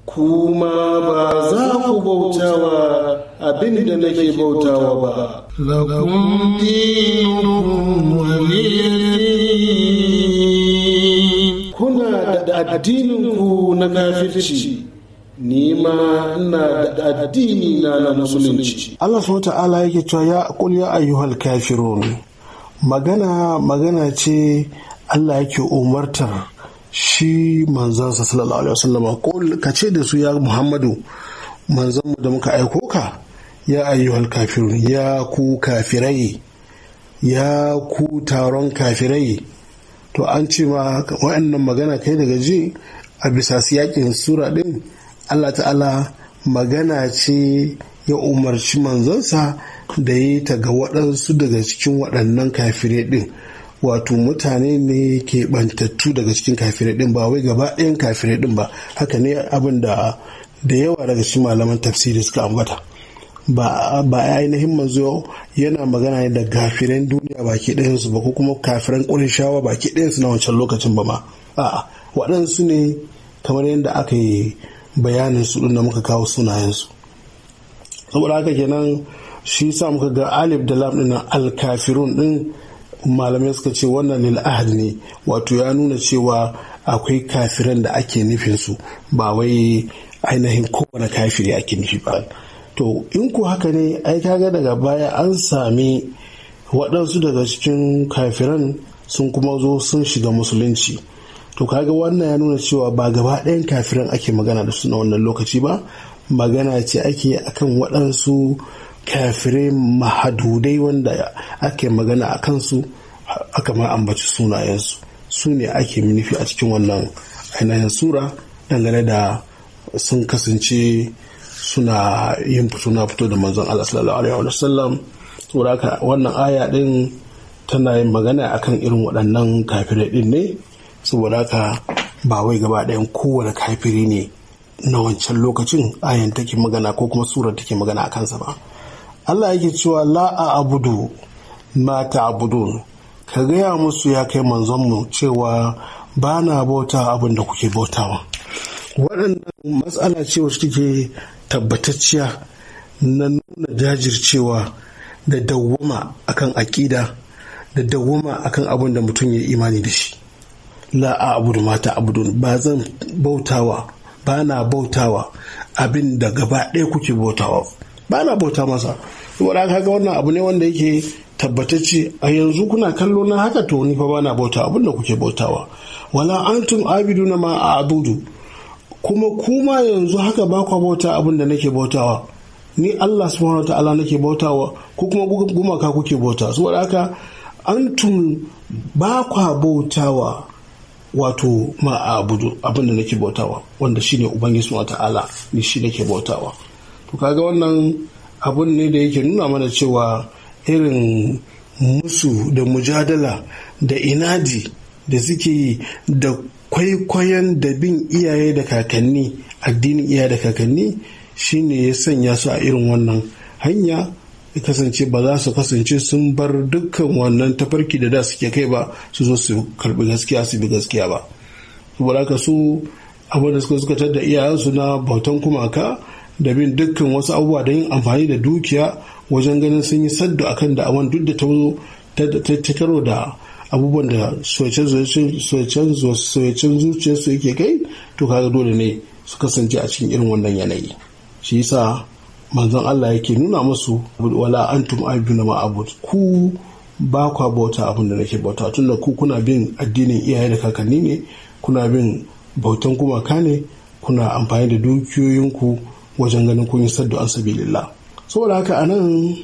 kuma ba za ku bautawa abin da nake bautawa ba lakum dinukum waliyadin kuna da addinin ku na kafirci ni ma ina da addini na na musulunci Allah subhanahu ta'ala yake cewa ya qul ya ayyuhal kafirun magana magana ce Allah yake umartar shi manzansa sallallahu alaihi wasallam qul ka ce da su ya Muhammadu mu da muka aiko ka ya ayyuhal kafirun ya ku kafirai ya ku taron kafirai to an ce ma wa'annan magana kai daga ji a bisa siyakin sura din Allah ta'ala magana ce ya umarci manzonsa da ya ta ga waɗansu daga cikin waɗannan kafirai ɗin wato mutane ne ke bantattu daga cikin kafirai ɗin ba wai gaba ɗayan kafirai ɗin ba haka ne abin da da yawa daga cikin malaman tafsiri suka ambata ba ainihin manzo yana magana ne da kafiran duniya baki ɗayansu ba ko kuma kafiran ƙurishawa baki ɗayansu na wancan lokacin ba ma a'a waɗansu ne kamar yadda aka yi bayanin su da muka kawo sunayensu saboda haka kenan shi sa muka ga alif da lam din alkafirun din malamai suka ce wannan lil ahad ne wato ya nuna cewa akwai kafiran da ake nufin su ba wai ainihin kowane kafiri ake nufi ba to in ku haka ne ai kaga daga baya an sami waɗansu daga cikin kafiran sun kuma zo sun shiga musulunci to kaga wannan ya nuna cewa ba gaba ɗayan kafiran ake magana da su na wannan lokaci ba magana ce ake akan waɗansu kafirai mahadudai wanda ake magana a kansu aka ma ambaci sunayensu su ne ake nufi a cikin wannan ainihin sura dangane da sun kasance suna yin suna fito da manzon Allah sallallahu alaihi wa sallam wannan aya din tana yin magana akan irin waɗannan kafirai din ne saboda haka ba wai gaba ɗayan kowane kafiri ne na wancan lokacin ayan take magana ko kuma surar take magana a kansa ba Allah yake cewa la a abudu ma ta abudu ka gaya musu ya kai manzonmu cewa ba na bauta abin da kuke bautawa waɗannan matsala ce wacce take tabbatacciya na nuna jajircewa da dawwama akan aƙida da dawwama akan abin da mutum ya imani da shi la a'budu mata abudu ba zan bautawa ba na bautawa abin da gaba ɗaya kuke bautawa ba na bauta masa aka ga wannan abu ne wanda yake tabbatacce a yanzu kuna kallo na haka to ni fa ba na bauta abin da kuke bautawa wala antum na ma a a'budu kuma kuma yanzu haka ba kwa bauta abin da nake bautawa ni Allah subhanahu ta'ala nake bautawa ko kuma gumaka kuke bauta su saboda aka antum ba kwa bautawa wato ma a abudu abin da nake bautawa wanda shine ubangiji wa ta'ala ni shi nake bautawa to kaga wannan abin ne da yake nuna mana cewa irin musu da mujadala da inadi da suke yi da kwaikwayon da bin iyaye da kakanni addinin iyaye da kakanni shine ya sanya su a irin wannan hanya ya kasance ba za su kasance sun bar dukkan wannan tafarki da da suke kai ba su zo su karbi gaskiya su bi gaskiya ba saboda haka su abin da suka suka da iyayensu na bautan kumaka da bin dukkan wasu abubuwa da yin amfani da dukiya wajen ganin sun yi saddu akan da awan duk da ta zo karo da abubuwan da soyacin zuciyarsu yake kai to kaga dole ne su kasance a cikin irin wannan yanayi shi yasa manzon Allah yake nuna musu wala antum na ma abud ku ba kwa bauta abin da nake bauta tunda ku kuna bin addinin iyaye da kakanni ne kuna bin bautan gumaka ne kuna amfani da dukiyoyinku wajen ganin kun yi saddu an sabilillah saboda haka anan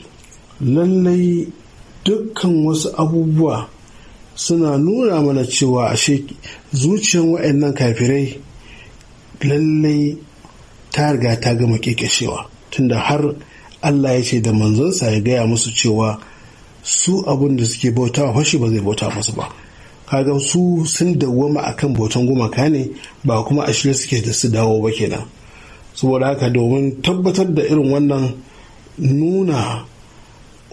lallai dukkan wasu abubuwa suna nuna mana cewa ashe zuciyar wa'annan kafirai lallai ta riga ta gama kekeshewa tunda har Allah ya ce da manzonsa ya gaya musu cewa su abin da suke bauta fashi ba zai bauta musu ba kaga su sun dawwama akan bautan gumaka ne ba kuma a shirye suke da su dawo ba kenan saboda haka domin tabbatar da irin wannan nuna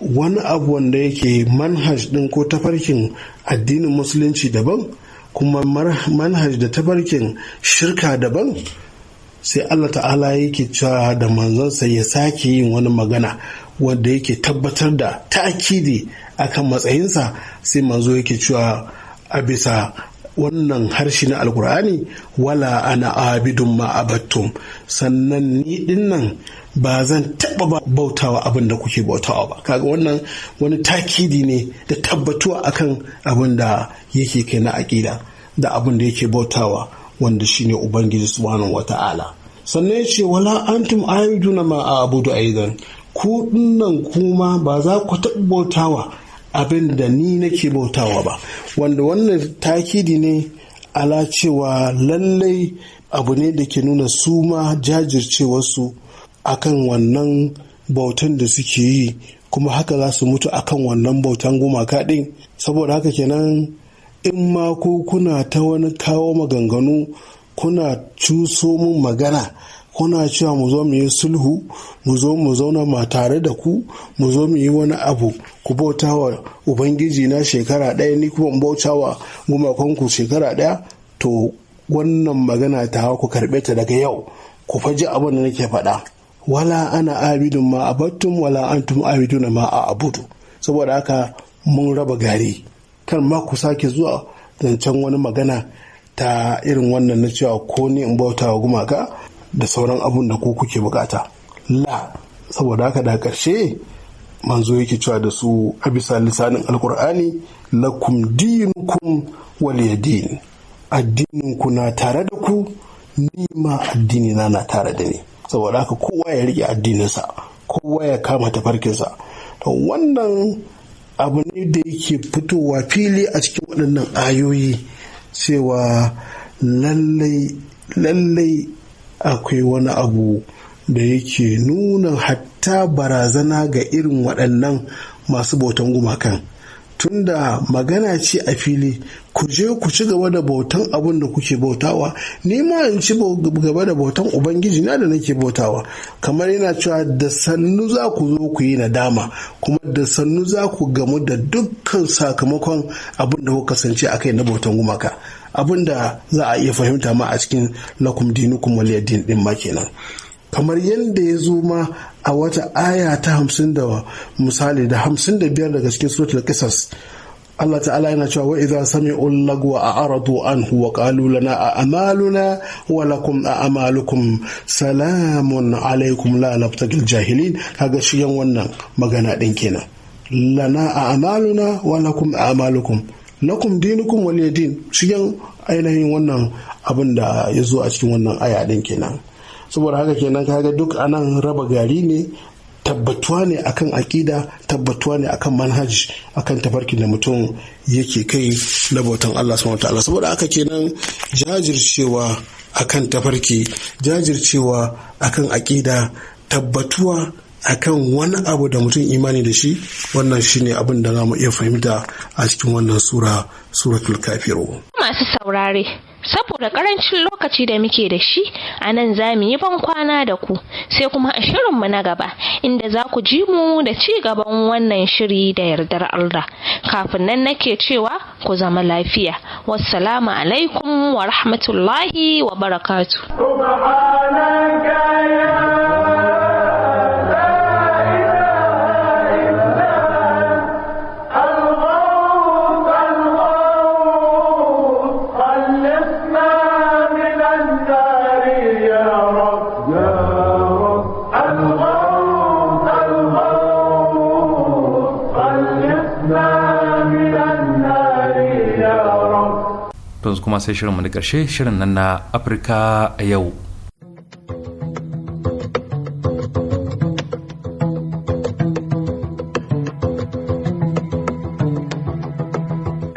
wani abu wanda yake manhaj din ko tafarkin addinin musulunci daban kuma manhaj da tafarkin shirka daban sai Allah ta'ala yake cewa da manzonsa ya sake yin wani magana wanda yake tabbatar da ta'akidi akan matsayinsa sai manzo yake cewa a bisa wannan harshe na alkur'ani wala ana abidun batun. sannan ni dinnan ba zan taɓa bautawa abin da kuke bautawa ba kaga wannan wani takidi ne da tabbatuwa akan abin da yake kai na aƙida da abin da yake bautawa wanda shine ubangiji subhanahu wata'ala sannan ya ce wala antum ayyuduna ma abudu aidan ku dinnan kuma ba za ku bautawa abin da ni nake bautawa ba wanda wannan takidi ne ala cewa lallai abu ne da ke nuna su ma jajircewarsu akan wannan bautan da suke yi kuma haka za su mutu akan wannan bautan gumaka ɗin saboda haka kenan in ma ko kuna ta wani kawo maganganu kuna cuso mun magana kuna cewa mu zo mu yi sulhu mu zo mu zauna ma tare da ku mu zo mu yi wani abu ku bauta wa ubangiji na shekara ɗaya ni kuma bauta wa gumakonku shekara ɗaya to wannan magana ta ku karɓe ta daga yau ku faji abin da nake faɗa wala ana abidun ma abattum wala antum abiduna ma a abudu saboda haka mun raba gari kar ma ku sake zuwa zancen wani magana ta irin wannan na cewa ko ni in bauta wa gumaka da sauran abun da ku kuke bukata la saboda haka da ƙarshe manzo yake cewa da su a bisa lisanin alkur'ani lakum dinukum waliyadin addinin ku na tare da ku ni ma addini na na tare da ni saboda haka kowa ya rike addininsa kowa ya kama tafarkinsa to wannan abu ne da yake fitowa fili a cikin waɗannan ayoyi cewa lallai akwai wani abu da yake nuna hatta barazana ga irin waɗannan masu bautan gumakan tunda magana ce a fili ku je ku ci gaba da bautan abin da kuke bautawa ni ma in ci gaba da bautan ubangiji na da nake bautawa kamar yana cewa da sannu za ku zo ku yi nadama kuma da sannu za ku gamu da dukkan sakamakon abin da kuka kasance a kai na bautan gumaka abin da za a iya fahimta ma a cikin lakum dinukum waliyadin din ma kenan kamar yadda ya zo ma a wata aya ta hamsin da misali da hamsin da biyar daga cikin suratul qisas Allah ta'ala yana cewa wa sami sami'u a a'radu anhu wa qalu lana a'maluna wa lakum a'malukum salamun alaikum la nabtagil jahilin kaga shi yan wannan magana din kenan lana a'maluna wa lakum a'malukum lakum dinukum wani din shi yan ainihin wannan abin da ya zo a cikin wannan aya ɗin kenan saboda haka kenan kaga duk anan raba gari ne tabbatuwa ne akan aƙida tabbatuwa ne akan manhaj akan tafarkin da mutum yake kai na bautan Allah subhanahu ta'ala saboda aka kenan jajircewa akan tafarki jajircewa akan aƙida tabbatuwa akan wani abu da mutum imani da shi wannan shine abin da za mu iya fahimta a cikin wannan sura suratul kafiru masu saurare saboda karancin lokaci da muke da shi a nan za mu yi ban kwana da ku sai kuma a shirinmu na gaba inda za ku ji mu da ci gaban wannan shiri da yardar Allah kafin nan nake cewa ku zama lafiya wassalamu alaikum wa rahmatullahi wa barakatu yanzu kuma sai shirinmu na ƙarshe shirin nan na afirka a yau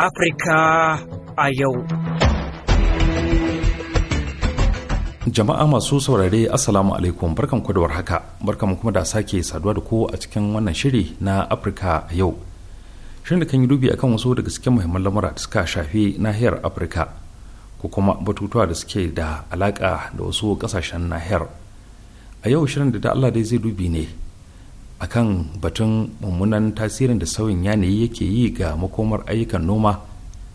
Afirka a yau. Jama'a masu saurare Assalamu alaikum barkan ku haka barkan kuma da sake saduwa da ku a cikin wannan shiri na Afirka a yau. shirin da kan yi dubi akan wasu daga cikin muhimman lamura da suka shafi nahiyar afirka ko kuma batutuwa da suke da alaka da wasu kasashen nahiyar a yau shirin da allah dai zai dubi ne akan batun mummunan tasirin da sauyin yanayi yake yi ga makomar ayyukan noma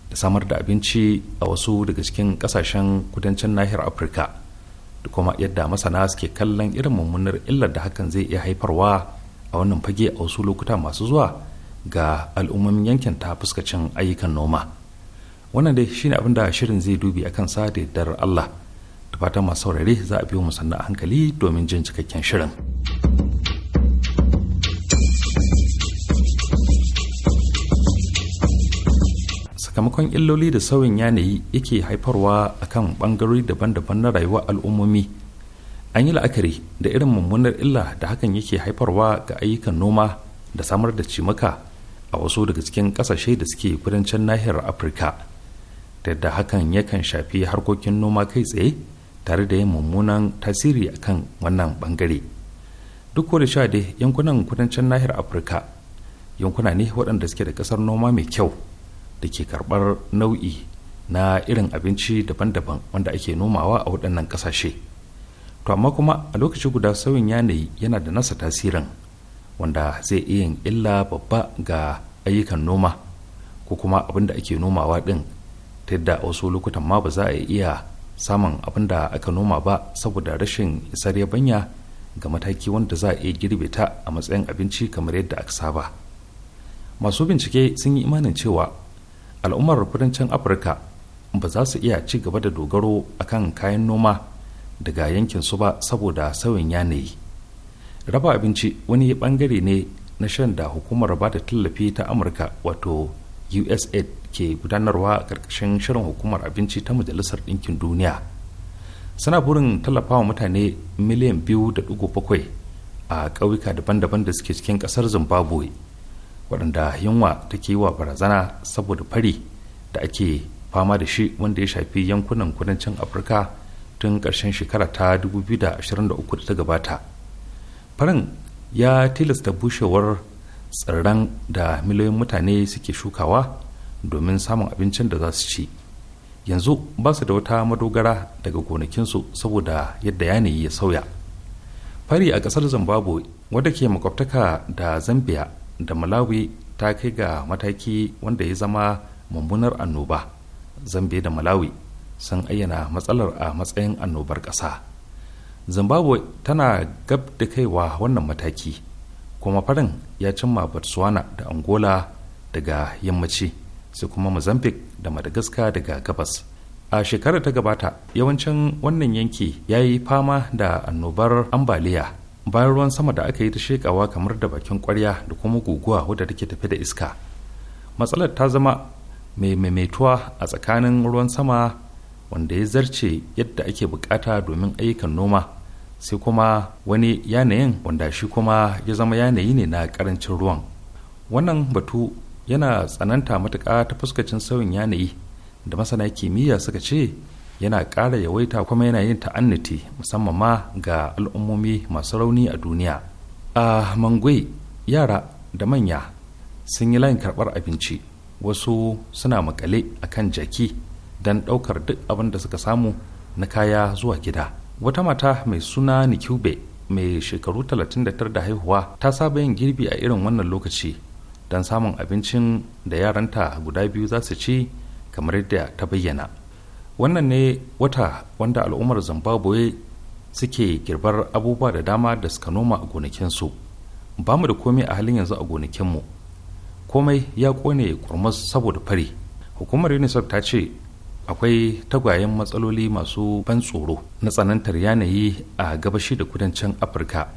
da samar da abinci a wasu daga cikin kasashen kudancin nahiyar afirka da kuma yadda masana suke kallon irin mummunar illar da hakan zai iya haifarwa a wannan fage a wasu lokuta masu zuwa ga al'ummomin yankin ta fuskacin ayyukan noma wannan dai shine abin da shirin zai dubi akan sa da Allah da fatan masu saurare za a biyo musanna a hankali domin jin cikakken shirin. sakamakon illoli da sauyin yanayi yake haifarwa akan kan ɓangarori daban-daban na rayuwar al'ummomi an yi la'akari da irin mummunar illa da hakan yake haifarwa ga ayyukan noma da samar da cimaka a wasu daga cikin ƙasashe da suke kudancin nahiyar afirka da yadda hakan yakan shafi harkokin noma kai tsaye tare da yin mummunan tasiri akan wannan bangare duk da sha dai yankunan kudancin nahiyar afirka yankuna ne waɗanda suke da ƙasar noma mai kyau da ke karɓar nau'i na irin abinci daban-daban wanda ake nomawa a waɗannan ƙasashe to amma kuma a lokaci guda sauyin yanayi yana da nasa tasirin wanda zai iya yin illa babba ga ayyukan noma ko kuma abin da ake nomawa din ta yadda wasu lokutan ma ba za a iya samun abin da aka noma ba saboda rashin isar yabanya ga mataki wanda za a iya girbe ta a matsayin abinci kamar yadda aka saba masu bincike sun yi imanin cewa al'ummar kudancin afirka ba za su iya ci gaba da dogaro akan kayan noma daga yankin su ba saboda sauyin yanayi raba abinci wani bangare ne na shan da hukumar ba da tallafi ta amurka wato usaid ke gudanarwa a ƙarƙashin shirin hukumar abinci ta majalisar ɗinkin duniya suna burin tallafa wa mutane miliyan biyu da dugu bakwai a ƙauyuka daban-daban da suke cikin ƙasar zimbabwe waɗanda yunwa take yi wa barazana saboda fari da ake fama da shi wanda ya shafi yankunan kudancin afirka tun ƙarshen shekara ta 2023 da ta gabata farin ya tilasta bushewar tsirran da miliyoyin mutane suke shukawa domin samun abincin da za su ci yanzu ba su da wata madogara daga gonakinsu saboda yadda yanayi ya sauya fari a ƙasar zimbabwe wadda ke makwabtaka da zambia da malawi ta kai ga mataki wanda ya zama mummunar annoba zambia da malawi sun ayyana matsalar a matsayin annobar ƙasa. zimbabwe tana gab da kaiwa wannan mataki kuma farin ya cimma botswana da angola daga yammaci sai kuma mozambique da madagascar daga gabas a shekarar ta gabata yawancin wannan yanki ya yi fama da annobar ambaliya bayan ruwan sama da aka yi ta shekawa kamar da bakin kwarya da kuma guguwa wadda take tafi da iska matsalar ta zama mai maimaituwa a tsakanin ruwan sama wanda ya zarce yadda ake bukata domin ayyukan noma sai kuma wani yanayin wanda shi kuma ya zama yanayi ne na karancin ruwan wannan batu yana tsananta matuka ta fuskacin sauyin yanayi da masana kimiyya suka ce yana ƙara yawaita kuma yana yin ta'annati musamman ma ga al'ummomi masu rauni a duniya a mangwai yara da manya sun yi layin karɓar abinci wasu suna makale akan jaki don ɗaukar duk abin da suka samu na kaya zuwa gida wata mata mai suna nikube mai shekaru 39 da haihuwa ta saba yin girbi a irin wannan lokaci don samun abincin da yaranta guda biyu za su ci kamar yadda ta bayyana wannan ne wata wanda al'ummar zimbabwe suke girbar abubuwa da dama da suka noma a gonakinsu ba mu da komai a halin yanzu a gonakinmu komai ya kone kurmas saboda fari hukumar unicef ta ce akwai tagwayen matsaloli masu ban tsoro na tsanantar yanayi a gabashi da kudancin afirka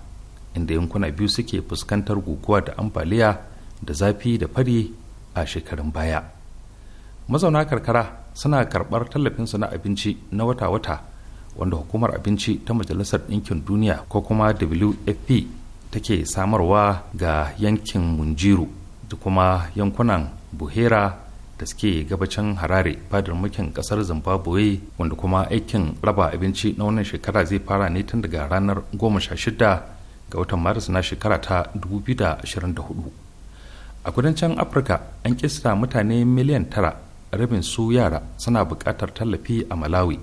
inda yankuna biyu suke fuskantar guguwa da ambaliya da zafi da fari a shekarun baya mazauna karkara suna karɓar tallafinsu na abinci na wata-wata wanda hukumar abinci ta majalisar ɗinkin duniya ko kuma wfp take samarwa ga yankin munjiru da kuma yankunan buhera da suke gabacin harare fadar mulkin kasar zimbabwe wanda kuma aikin raba abinci na wannan shekara zai fara ne tun daga ranar 16 ga watan maris na shekara ta 2024 a kudancin afirka an kista mutane miliyan tara rabin su yara suna bukatar tallafi a malawi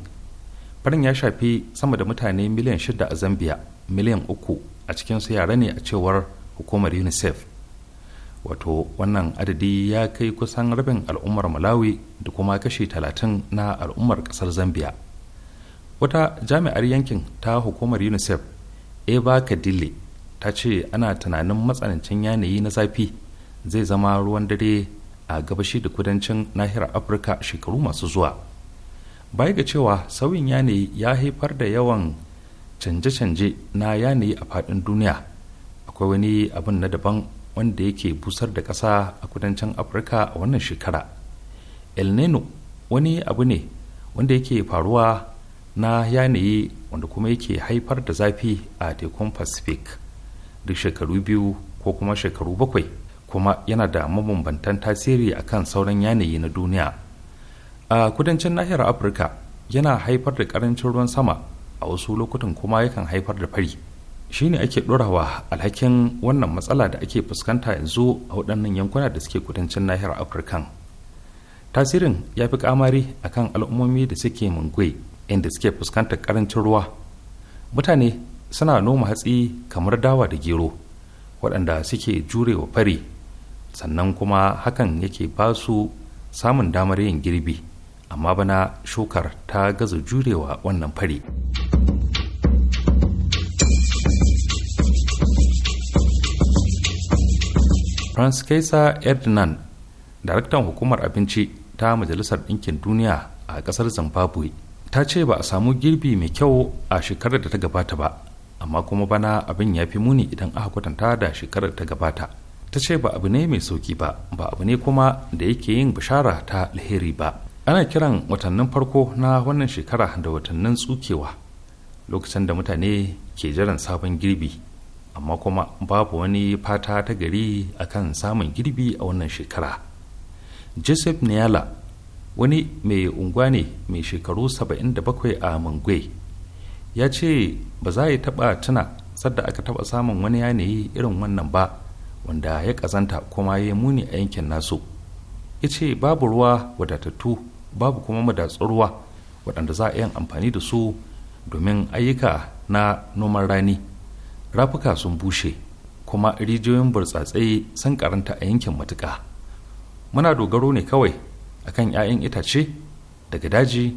farin ya shafi sama da mutane miliyan shida a zambia miliyan uku a cikin su yara ne a cewar hukumar unicef wato wannan adadi ya kai kusan rabin al'ummar malawi da kuma kashi talatin na al'ummar kasar zambia wata jami'ar yankin ta hukumar unicef eva kadile ta ce ana tunanin matsanancin yanayi na zafi zai zama ruwan dare a gabashi da kudancin nahiyar afirka shekaru masu zuwa baya ga cewa sauyin yanayi ya haifar da yawan canje-canje na yanayi a faɗin duniya akwai wani abin na daban wanda yake busar da ƙasa a kudancin afirka a wannan shekara el nino wani abu ne wanda yake faruwa na yanayi wanda kuma yake haifar da zafi a tekun pacific duk shekaru biyu ko kuma shekaru bakwai kuma yana da mabambantan tasiri a kan sauran yanayi na duniya a kudancin nahiyar afirka yana haifar da ƙarancin ruwan sama a wasu lokutan kuma yakan haifar da fari Shi shine ake ɗorawa alhakin wannan matsala da ake fuskanta yanzu a waɗannan yankuna da suke kudancin nahiyar afirkan tasirin ya fi kamari a kan al'ummomi da suke mungwe inda suke fuskantar ƙarancin ruwa mutane suna noma hatsi kamar dawa da gero waɗanda suke jurewa fari sannan kuma hakan yake ba su samun damar yin girbi amma bana shukar ta gaza jurewa wannan fari. francisca ferdinand daraktan hukumar abinci ta majalisar ɗinkin duniya a ƙasar zimbabwe ta ce ba a samu girbi mai kyau a shekarar da ta gabata ba amma kuma bana abin ya fi muni idan aka kwatanta da shekarar da ta gabata ta ce ba abu ne mai sauki ba ba abu ne kuma da yake yin bishara ta alheri ba ana kiran watannin farko na wannan shekara da watannin tsukewa lokacin da mutane ke jiran sabon girbi amma kuma babu wani fata ta gari a kan samun girbi a wannan shekara joseph niala wani mai unguwa ne mai shekaru 77 a mangwe ya ce ba za yi taba tuna sadda aka taba samun wani yanayi irin wannan ba wanda ya kazanta kuma ya muni a yankin nasu ya ce babu ruwa wadatattu babu kuma madatsun ruwa waɗanda za a yin amfani da su domin ayyuka na noman rani rafuka sun bushe kuma rijiyoyin burtsatsai sun karanta a yankin matuƙa muna dogaro ne kawai akan 'ya'yan itace daga daji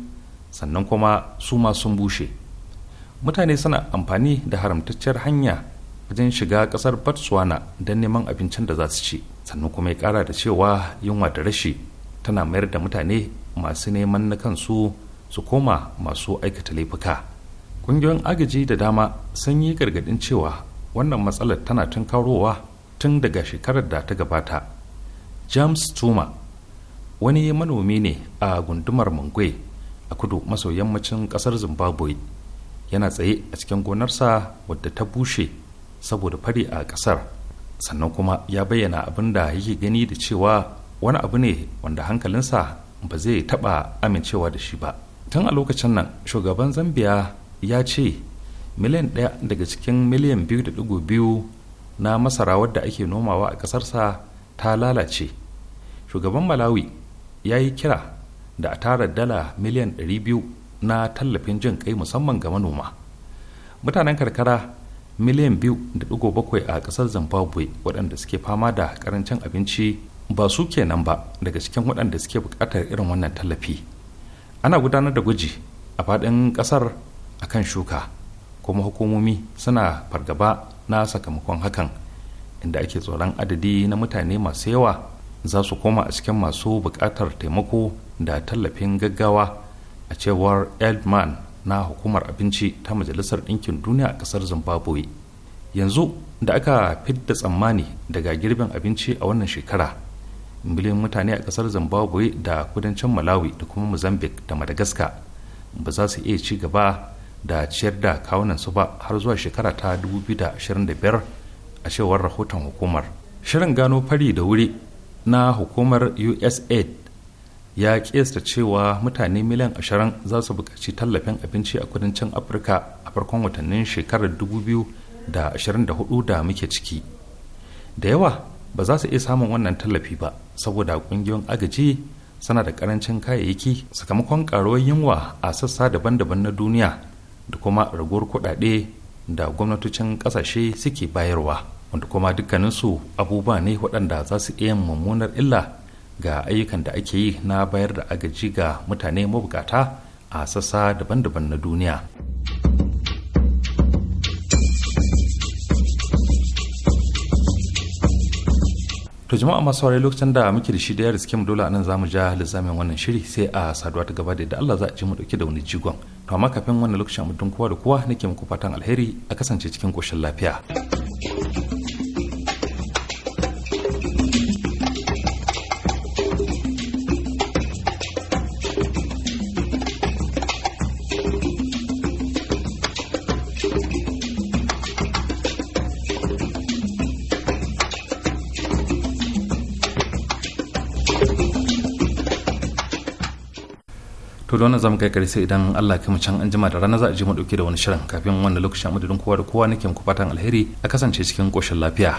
sannan kuma su ma sun bushe mutane suna amfani da haramtacciyar hanya wajen shiga ƙasar botswana don neman abincin da za su ci sannan kuma ya ƙara da cewa yunwa da rashi tana mayar da mutane masu neman na kansu su koma masu aikata laifuka. ƙungiyoyin agaji da dama sun yi gargadin cewa wannan matsalar tana tunkarowa tun daga shekarar da ta gabata james tuma wani manomi ne a gundumar mangwe a kudu maso yammacin ƙasar zimbabwe yana tsaye a cikin gonarsa wadda ta bushe saboda fari a ƙasar sannan kuma ya bayyana abin da yake gani da cewa wani abu ne wanda hankalinsa ba zai taɓa amincewa da shi ba tun a lokacin nan shugaban zambia ya ce miliyan ɗaya daga cikin miliyan biyu da ɗigo biyu na masara wadda ake nomawa a ƙasarsa ta lalace shugaban malawi ya yi kira da a tara dala miliyan biyu na tallafin jin kai musamman ga manoma mutanen karkara miliyan biyu da bakwai a ƙasar zimbabwe waɗanda suke fama da ƙarancin abinci ba su kenan ba daga cikin waɗanda suke buƙatar irin wannan tallafi ana gudanar da gwaji a faɗin ƙasar a kan shuka kuma hukumomi suna fargaba na sakamakon hakan inda ake tsoron adadi na mutane masu yawa za su koma a cikin masu buƙatar taimako da tallafin gaggawa a cewar eldman na hukumar abinci ta majalisar ɗinkin duniya a ƙasar zimbabwe yanzu da aka fidda tsammani daga girbin abinci a wannan shekara miliyan mutane a ƙasar zimbabwe da kudancin malawi da kuma mozambique da madagascar ba za su iya ci gaba da ciyar da kawunan su ba har zuwa shekara ta 2025 a cewar rahoton hukumar shirin gano fari da wuri na hukumar usa ya kesta cewa mutane miliyan ashirin za su buƙaci tallafin abinci a kudancin afirka a farkon watannin shekarar 2024 da muke ciki da yawa ba za su iya samun wannan tallafi ba saboda ƙungiyoyin agaji suna da ƙarancin kayayyaki sakamakon ƙaruwar yunwa a sassa daban-daban na duniya da kuma raguwar kuɗaɗe da gwamnatocin ƙasashe suke bayarwa wanda kuma dukkaninsu abubuwa ne waɗanda za su iya mummunar illa ga ayyukan da ake yi na bayar da agaji ga mutane mabukata a sassa daban-daban na duniya. to jama'a masu saurari lokacin da muke da shi da yaris mu dole anan zamu ja lizamin wannan shiri sai a saduwa ta gaba da yadda Allah za a ji mu dauke da wani jigon to amma kafin wannan lokacin mu kowa da kowa nake muku fatan alheri a kasance cikin koshin lafiya to da wannan zamu kai kare sai idan Allah ya mu can an jima da rana za a je mu dauke da wani shirin kafin wannan lokacin madadin kowa da kowa nake muku fatan alheri a kasance cikin koshin lafiya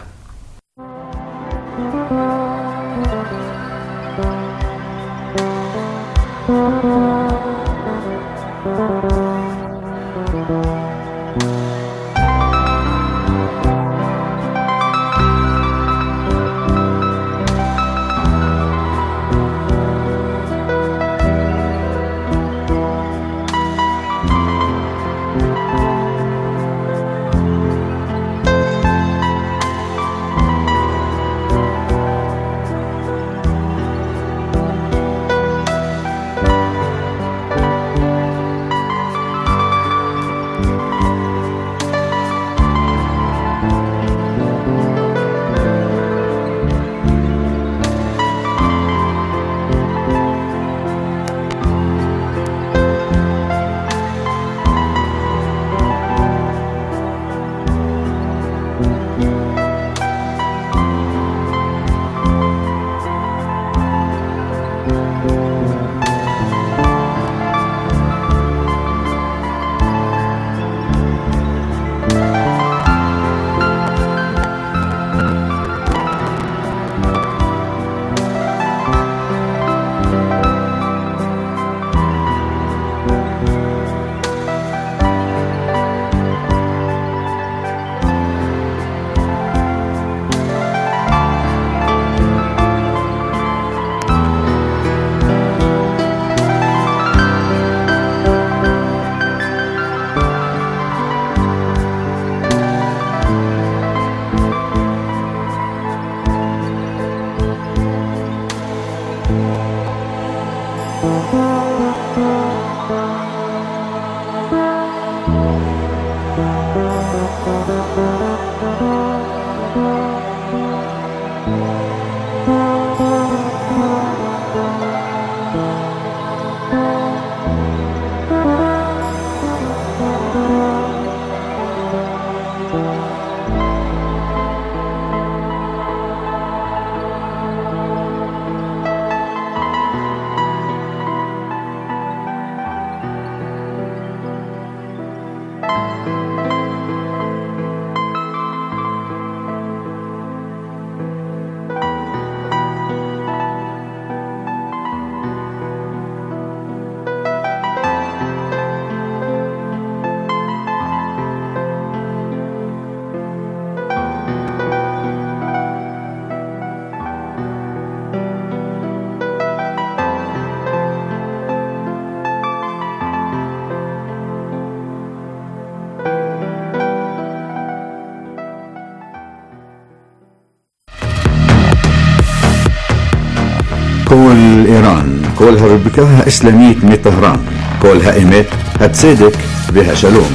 كلها ربكاها إسلامية من طهران كلها إيمت هتصدق بها شلوم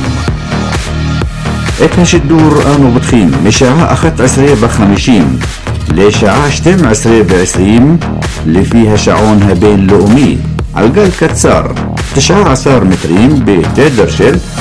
إتنش الدور آنو بتخيم مشاعة أخت عسرية بخمشين لشاعة شتم عسرية بعسريم اللي فيها شعونها بين لؤمي على عالقال كتسار تشعة عصار مترين بتدرشل